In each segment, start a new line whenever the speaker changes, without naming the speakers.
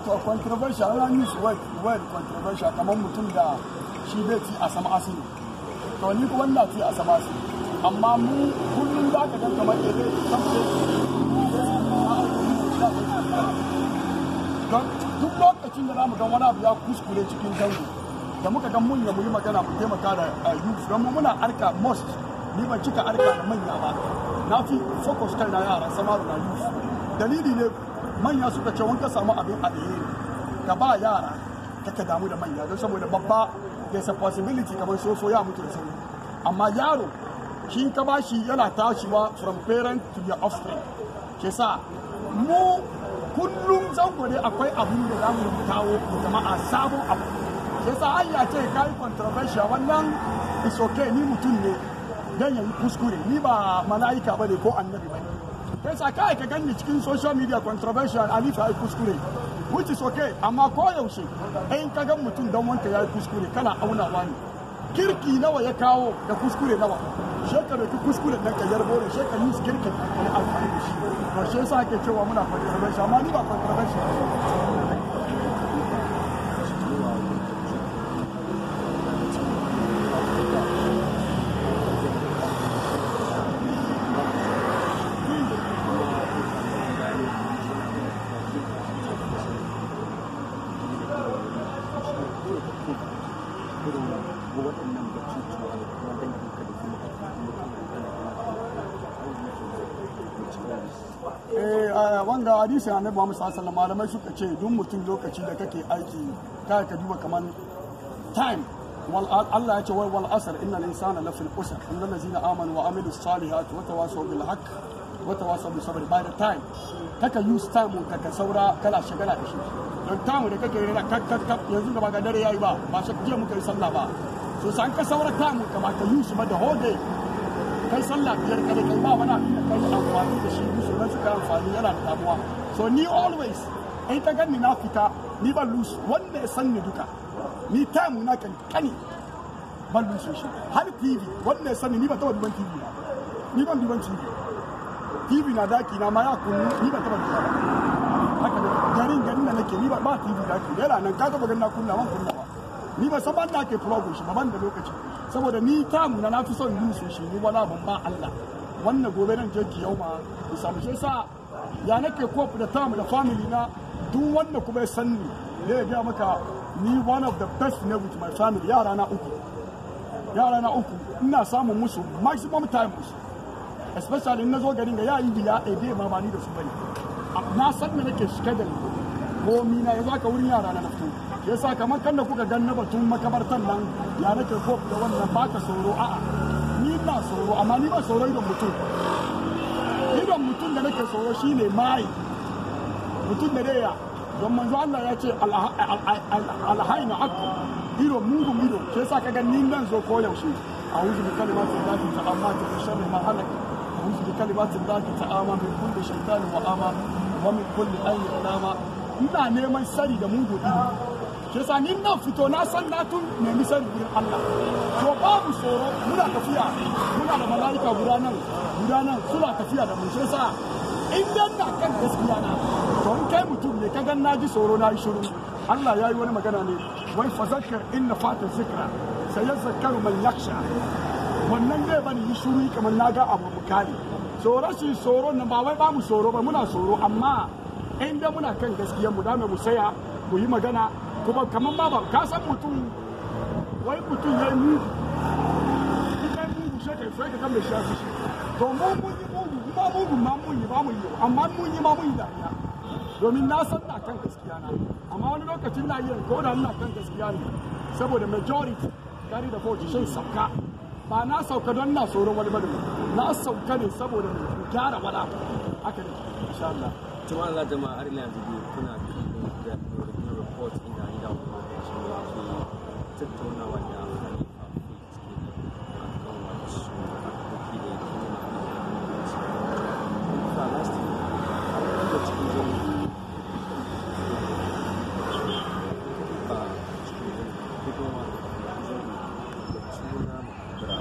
to controversial na use word word controversial kamar mutum da shi bai ci a sama asini to ni kuma ina ci a sama asini amma mu kullum za ka gan kamar yadda sabce don duk lokacin da zamu ga wani abu ya kuskure cikin dangu da muka ga mun ya muyi magana mu taimaka da eh, youth don muna arka most ni ban cika arka da manya ba na fi focus kai na yara sama da youth dalili ne manya suka ce wanka samu abin ne. ka ba yara kaka damu da manya don saboda babba da a possibility kamar so ya mutu da sauri amma yaro shi ka ba shi yana tashiwa from parent to your offspring ke sa mu kullum zan akwai abin da za mu kawo jama'a sabon abu ke sa an yace ka yi controversial wannan is okay ni mutum ne don yayi kuskure ni ba mala'ika ba ne ko annabi ne. kai kai ka gani cikin social media controversial alifa ya kuskure which is okay amma koyaushe in ka gan mutum don wanka ya yi kuskure kana aunawa ne kirki nawa ya kawo da kuskure nawa shekaru ki kuskure nan ka yarbo da shekaru yi kirki Na amfani da shi to shi yasa ake cewa muna controversial amma ni ba controversial Eh, wanga hadisin annabi Muhammad sallallahu alaihi malamai suka ce duk mutum lokaci da kake aiki kai ka duba kaman time wal Allah ya ce wai wal asr innal insana lafil usr innal ladzina amanu wa amilus salihati wa tawasaw bil haqq wa tawasaw bis sabr by the time kaka use time ka ka saura kala shagala da shi don time da kake rera kak kak yanzu da ba ga dare yayi ba ba sai je mu yi sallah ba so san ka saurata mu kamata yusuf da hode kai sallah biyar kada kai ba wani abin da kai amfani da shi musu na suka amfani yana da damuwa so ni always in ta gani na fita ni ban lusu wanda ya san ni duka ni tamu na kankani ban lusu shi har tv wanda ya san ni ba taba duban tv na ni ban duban tv tv na daki na ma ya kunu ni ba taba duban haka garin garin da nake ni ba tv daki yana nan ka taba ganin na kunna man kunna ni ba san banda ke program shi ba da lokaci saboda ni tamu na fi son yin shi ni wala ban ba Allah wannan gobe nan jeji yau ma ku samu shi sa ya nake kofi da tamu da family na duk wanda kuma ya san ni ne ya maka ni one of the best ne with my family yara na uku yara na uku ina samun musu maximum time musu especially na zo garin ga yayi bila a bai mamani da su bane na san me nake schedule da komi na ya zaka wurin yara na nafto ya sa kamar kan da kuka gan na batun makabartar nan ya nake ko da wannan baka tsoro a'a ni ba tsoro amma ni ba tsoro idan mutum idan mutum da nake tsoro shine mai mutum da daya don manzo Allah ya ce alhaina hakku ido mugun ido ke sa ka ga ni nan zo ko yaushe a'udhu bi ta amma ta'amati min sharri ma halak a'udhu bi kalimati llahi ta'ama min kulli shaytanin wa ama wa min kulli ayyi lama ina neman sari da mugu ɗi ke sa ni nan fito na san na tun nemi sani gurin Allah to babu tsoro muna tafiya muna da mala'ika guda nan guda nan suna tafiya da mu ke sa in dan na kan gaskiya na to in kai mutum ne ka gan na ji tsoro na yi shiru Allah ya yi wani magana ne wai fazakkar inna fata zikra sai ya zakaru man yaksha wannan zai bani yi shiru kamar na ga abu bukari tsoron shi tsoro na ba wai ba mu tsoro ba muna tsoro amma in da muna kan gaskiyar mu da mu saya mu yi magana kuma kamar ma ba ka san mutum wai mutum ya yi mugu idan mugu shi ka sai ka san mai shafi shi to mu mun yi mugu ba mugu ma mun yi ba mu yi amma mun yi ma mun yi dariya domin na san na kan gaskiya na amma wani lokacin na iya ko da na kan gaskiya ne saboda majority kari da vote shin sauka ba na sauka don na tsoron wani bane na sauka ne saboda mai gyara wani haka ne insha Allah Cuma Allah da ma arila jirgi kuna da rubin report ina ina wani shi ne ke tattaunawa da halifa ko cike da akan wani shi harkoki da yake nuna muhimmanci. Fa last year, a wani da cikin jirgi ba cikin jirgi, kuma wani da cikin nama da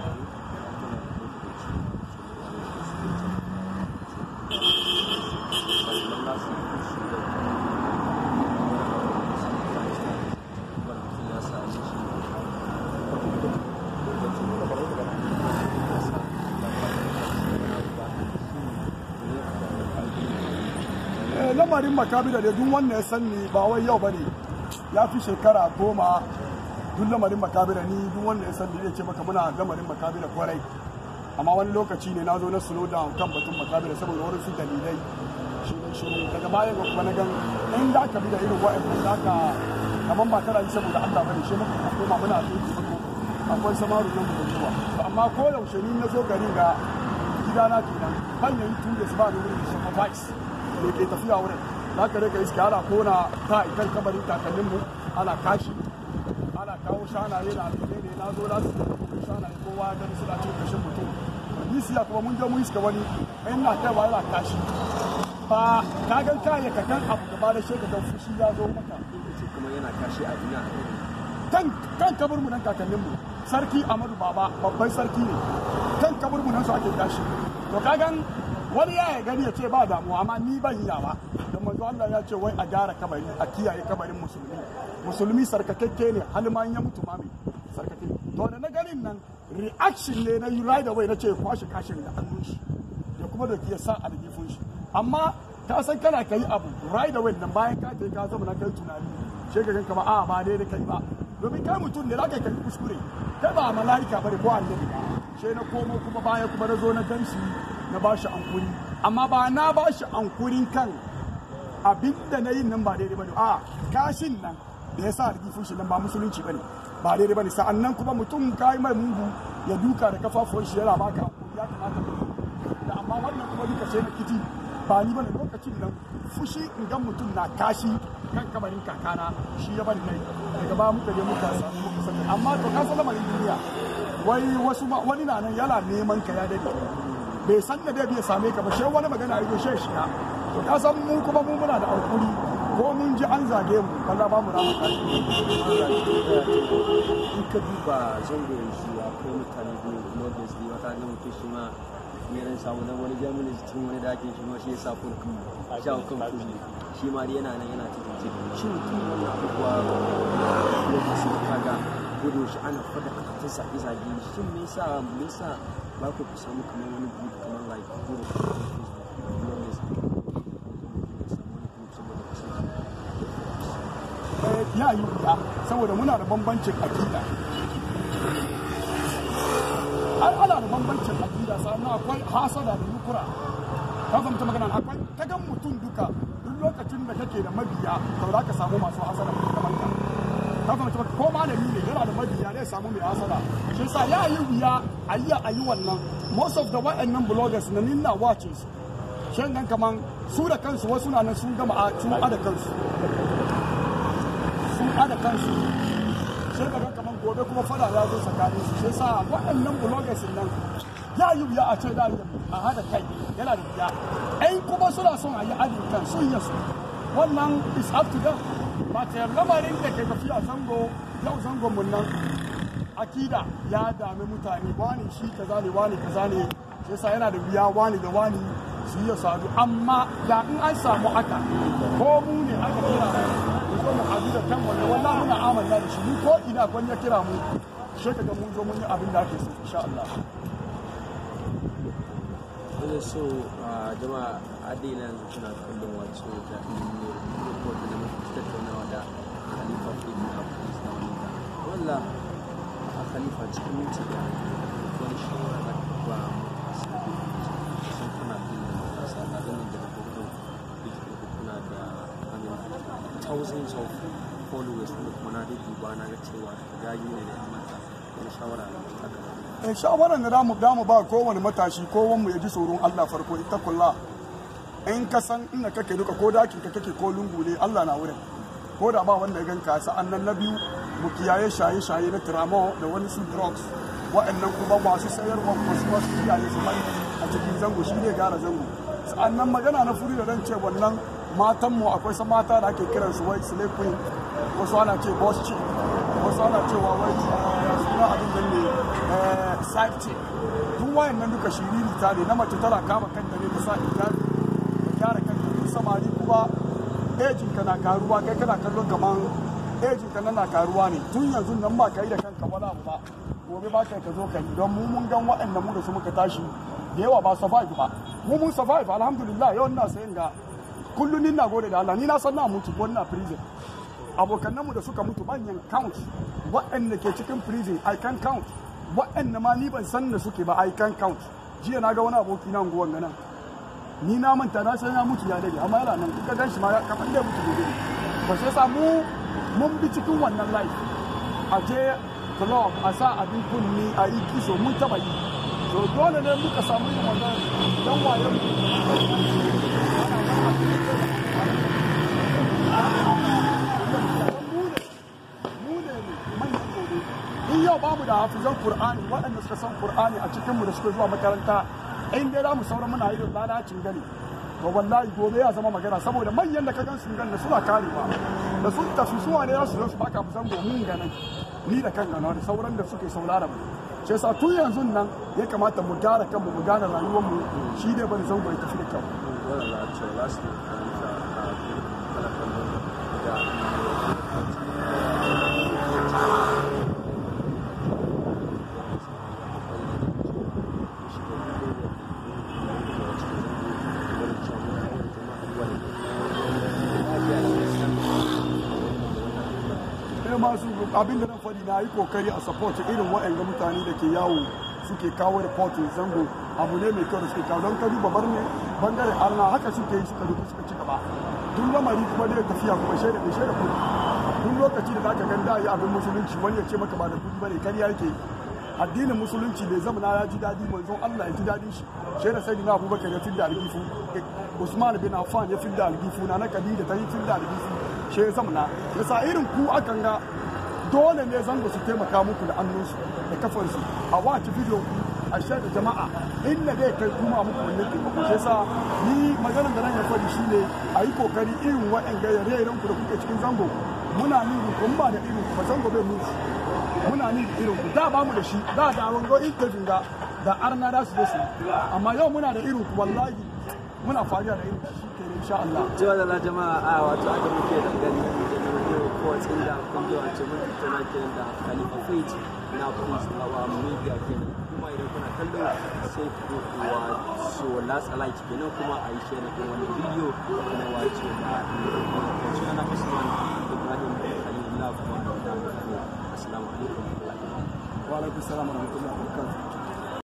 tarihin makabi da duk wannan ya sanni ba wai yau bane ya fi shekara goma duk lamarin makabi da ni duk wannan ya sanni ni ya ce maka muna lamarin makabi da kwarai amma wani lokaci ne na zo na slow down kan batun makabi da saboda wurin su dalilai shirin shirin daga bayan ga kuma na gan in da ka bi da irin wa'in da aka kamar ba tara ce saboda Allah bane shi muka koma muna ki muku akwai samaru nan da zuwa amma ko yaushe ni na zo gari ga gidana kenan ban yayi tun da su ba da wurin shi ba vice me ke tafiya wurin za ka rika iska ana kona ta ikan kabarin kakanninmu ana kashi ana kawo shanaye da alfine ne na zo za su shanaye kowa ya gani suna cin kashin mutum ya kuma mun je mun iska wani in na ba yana kashi ba ka gan kaya ka kan abu gaba da shekaru don fushi ya zo maka kuma yana kashi a duniya. kan kan mu nan kakanninmu sarki amadu baba babban sarki ne kan kaburmu nan su ake kashi to ka gan wani ya gani ya ce ba damuwa amma ni ban yi yawa da manzo Allah ya ce wai a gyara kabari a kiyaye kabarin musulmi musulmi sarkakakke ne halman ya mutu ma mai sarkake to da na ganin nan reaction ne na yi right away na ce kwashe kashin da hannun shi da kuma da ke sa aljifin shi amma ka san kana kai abu right away nan bayan ka je ka zama na kai tunani sai ka ganka ah, ba a ba dai da kai ba domin kai mutum ne zaka kai kuskure kai ba mala'ika ne, ko annabi sai na komo kuma baya kuma na zo na gamsi na ba shi ankuri amma ba na ba shi ankurin kan abin da na yin nan ba daidai ba ne a kashin nan da ya sa a rikifin shi nan ba musulunci ba ne ba daidai ba ne sa'an nan kuma mutum kayi mai mugu ya duka da kafafuwan shi yana baka ankuri ya kamata da amma wannan kuma duka sai na kiti ba ni ba ne lokacin nan fushi in ga mutum na kashi kan kamarin kakana shi ya bani nai daga ba muka je muka samu muka amma to kan san lamarin duniya wai wasu wani na nan yana neman ka ya dade bai san da bai biya same ka ba shi wani magana ya shi shi na to ka san mu kuma mu muna da alƙuri ko mun ji an zage mu Allah ba mu rama kashi in ka duba zangon shi ya ko mutane biyu kuma da su wata ga mutu shi ma meran samu dan wani jami'in cikin wani dakin shi ma shi ya sa kun kuma sha kun kuma shi ma yana nan yana cikin cikin shi mutum wani abubuwa lokacin kaga gudu shi ana fada a cikin sa izage shi me yasa me yasa za ku samu kamar wani group kamar like ya yi saboda muna da bambancin akida an ana da bambancin akida sannan akwai hasada da yukura ka zama ta magana akwai ta gan mutum duka duk lokacin da kake da mabiya ba za ka samu masu hasada da kamar ta zama ba ko ni ne yana da mabiya ne samu mai asara shi sa ya yi wuya a yi a yi wannan most of the wa'annan bloggers na nina watches shan gan kaman su da kansu wasu na nan sun gama a sun ada kansu sun ada kansu sai ka gan kaman gobe kuma fada ya zo tsakanin su shi sa wa'annan bloggers nan ya yi wuya a ce da a hada kai yana da wuya ai kuma suna son a yi adin kan sun yi su wannan is up to them matayar lamarin da ke tafi a zango yau zangon mun nan akida ya dami mutane wani shi kaza zane wani ka zane shi yasa yana da biya wani da wani su yi sadu amma da in an samu haka ko mu ne aka kira mu zo mu abu da kan wanda wallahi muna amalla da shi ko ina kwan ya kira mu shi kaga mun zo mun yi abin da ake so insha Allah wani so jama'a adila yanzu kallon wato da ne rikotu da mutu tattaunawa da khalifa ibn abdulaziz na wani da walla a khalifa cikin minti da wani shawara da ba sabi sun kuna kallon matasa na ganin da rikotu da kuna da hanyar thousands of followers kuma na duba na ga cewa ya yi ne da ya mata wani shawara da ta gaba Eh, shawaran da damu damu ba kowane matashi mu ya ji tsoron Allah farko ita kula in ka san ina kake duka ko dakin ka kake ko lungu ne Allah na wurin ko da ba wanda ya ganka sa'an nan na biyu mu kiyaye shaye shaye na tramo da wani su drugs wa'annan kuma masu sayarwa su wasu su mai a cikin zango shi ne gara zango sa'an nan magana na furi da rance ce wannan matanmu akwai sa mata da ake kiransu white slave queen wasu ana ce boss chief wasu ana cewa wai eh, suna abin da ne eh, side ce duk wayan nan duka shiriri ta ne na mace tana kama kanta ne ta sa hijabi ta gyara kanta duk samari kuma ejin ka na karuwa kai kana kallon kaman ejin ka na karuwa ne tun yanzu nan ba ka yi da kanka wani abu ba gobe ba kai ka zo ka yi don mu mun gan waɗanda mu da su muka tashi da yawa ba survive ba mu mun survive alhamdulillah yau ina sayin ga kullum ina gode da Allah ni na san na mutu ko ina prison mu da suka mutu manyan count waɗanda ke cikin prison i can count waɗanda ma ni ban san da suke ba i can count jiya na ga wani aboki na unguwan gana ni na manta na sai na mutu ya dade amma yana nan kuka shi ma kafin da mutu gobe ba sai sa mu mun bi cikin wannan life a je club a sa abin kunni a yi kiso mun taba yi to dole ne muka samu yin wannan dan wayo yau babu da hafizan kur'ani waɗanda suka san kur'ani a cikin mu da suka zuwa makaranta in dai za mu sauran muna irin lalacin gani to wallahi gobe ya zama magana saboda manyan da ka gan sun ganna suna karewa da sun tafi suwa ne za su zo su baka hafizan mun ganin ni da kan gano da sauran da suke saurara mu ce yasa tun yanzu nan ya kamata mu gyara kanmu mu gane rayuwar mu shi dai ban zango ya tafi da kanmu abin da nan faɗi na yi kokari a support irin wa'anga mutane da ke yawo suke kawo reportin zango abu ne mai kyau da suke kawo don ka duba bar ne bangare. arna haka suke yi suka dubu suka ci gaba duk lamari kuma da tafiya kuma shaida mai shaida kudi duk lokaci da zaka ganda yi abin musulunci wani ya ce maka ba da kudi bane kariya yake addinin musulunci bai zama ya ji dadi manzon Allah ya ji daɗi shi shaida sai na Abubakar ya da algifu Usman bin Affan ya da algifu na na da ta yi da algifu shaida ya zama na yasa irin ku akan ga dole ne zango su taimaka muku da annunsu da kafarsu a wace video a da jama'a inda dai kai kuma muku wannan taimako shi sa ni maganar da nan ya shi ne a yi kokari irin wa'in gayyar rairan ku da kuke cikin zango muna ni kun ba da irin ku ba zango bai musu muna nuni irin ku da ba mu da shi da da wango interview da da arna da su da su amma yau muna da irin ku wallahi muna fariya da irin shi ke insha Allah. Jiwa da jama'a a wato aka muke gani. reports in kungiyoyi ce mun tattauna kenan da Khalifa Faith na Prince Lawa Media kenan kuma idan kuna kallo sai ku wato last like kenan kuma a yi share da wannan bidiyo na wato da Ibrahim kuma da assalamu alaikum wa alaikum assalam wa rahmatullahi wa barakatuh